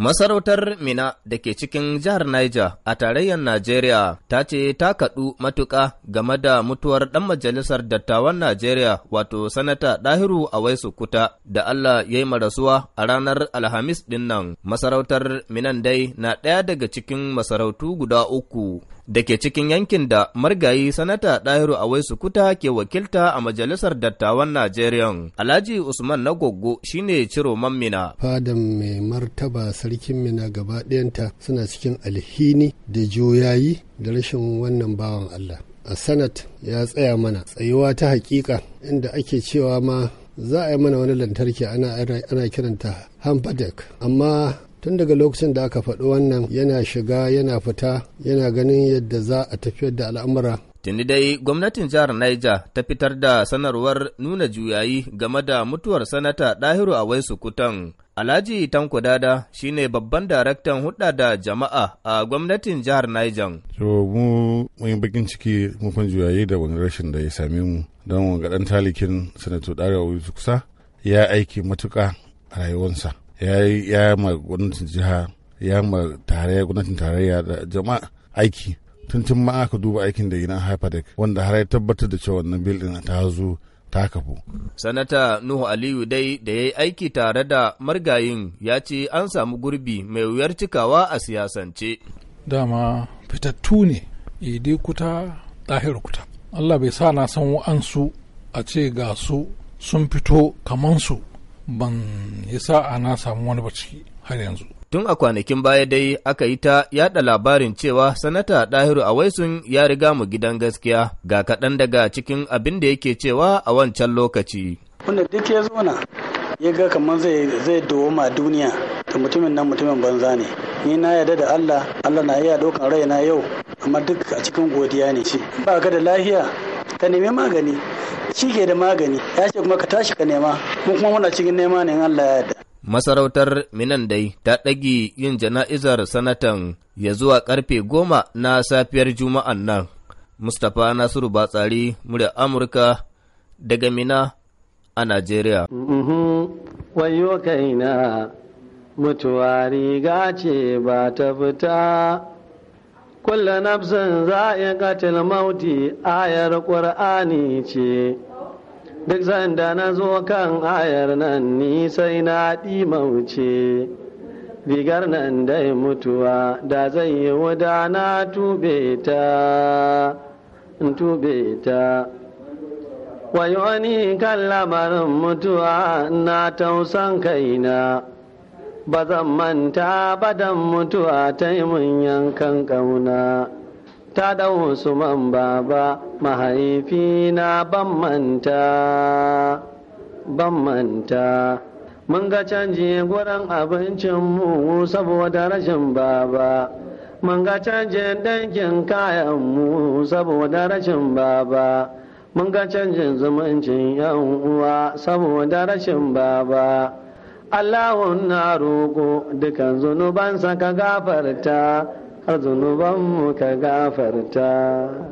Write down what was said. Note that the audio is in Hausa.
Masarautar Mina da ke cikin jihar Niger a tarayyar Najeriya ta ce ta kaɗu matuƙa game da mutuwar ɗan majalisar dattawan Najeriya wato Sanata Ɗahiru Awaisu Kuta da Allah ya yi marasuwa a ranar Alhamis ɗin nan. Masarautar Minan dai na ɗaya daga cikin masarautu guda uku da ke cikin yankin da margayi sanata ɗahiru a Awaisu Kuta ke wakilta a majalisar dattawan Najeriya. Alhaji Usman na Goggo shine ciro Mina. Fadan mai martaba sarkin Mina gaba ɗayanta suna cikin alhini da juyayi da rashin wannan bawan Allah. A sanat ya tsaya mana tsayuwa ta hakika inda ake cewa ma za a yi mana wani lantarki ana, kiranta Hampatek amma tun daga lokacin da aka faɗi wannan yana shiga yana fita yana ganin yadda za a tafiyar da al'amura Tuni dai gwamnatin jihar Niger ta fitar da sanarwar nuna juyayi game da mutuwar sanata Dahiru wai sukutan, Alhaji Tanko Dada shine babban daraktan hudda da jama'a a gwamnatin jihar Niger. So mu mun bakin ciki mun juyayi da wani rashin da ya same mu don wanga dan talikin sanato Dahiru Awaisu kusa ya aiki matuka a rayuwarsa. ya yi ya ma gwamnatin jiha ya ma tarayya gwamnatin tarayya da jama'a aiki tun tun ma aka duba aikin da gidan hyperdeck wanda har ya tabbatar da cewa wannan bil din ta zo ta kafu. Sanata Nuhu Aliyu dai da ya yi aiki tare da margayin ya ce an samu gurbi mai wuyar cikawa a siyasance. Dama fitattu ne, idi kuta ɗahir kuta. Allah bai sa na san wa'ansu a ce ga su sun fito kamansu ban yasa ana samu wani ba har yanzu tun a kwanakin baya dai aka yi ta yada labarin cewa sanata Dahiru a waisun ya riga mu gidan gaskiya ga kaɗan daga cikin abin da yake cewa a wancan lokaci wanda duk ya na ya ga kamar zai zai dawoma duniya da mutumin nan mutumin banza ne ni na yarda da Allah Allah na iya ɗaukan raina yau amma duk a cikin godiya ne ce. ba ka da lahiya ka nemi magani shi ke da magani ya ce kuma ka tashi ka nema mun kuma muna cikin nema ne in Allah ya yarda Masarautar Minan dai ta ɗage yin jana'izar sanatan ya zuwa ƙarfe goma na safiyar Juma'an nan. Mustapha Nasiru Batsari, murya Amurka daga Mina a Najeriya. Wayo kaina mutuwa riga ce ba ta fita. Kulla nafsin za'iqatil mauti ayar ƙur'ani ce duk sanda na zo kan ayar nan ni sai na mauce rigar nan dai mutuwa da zai yi wuda na tube ta tube ta wani kan lamarin mutuwa na tausan kaina ba zan manta ba dan mutuwa ta yi mun yankan ƙauna ta su Usman baba mahaifina ban manta ban manta mun ga canji gurin abincinmu saboda rashin baba mun ga canjin kayan kayanmu saboda rashin baba mun ga canjin zumuncin yan uwa saboda rashin baba Allahun na roƙo dukan zunubansa ka gafarta har zunubanmu ka gafarta